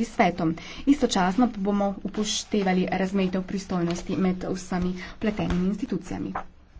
tudi svetom. Istočasno pa bomo upoštevali razmejitev pristojnosti med vsemi pletenimi institucijami.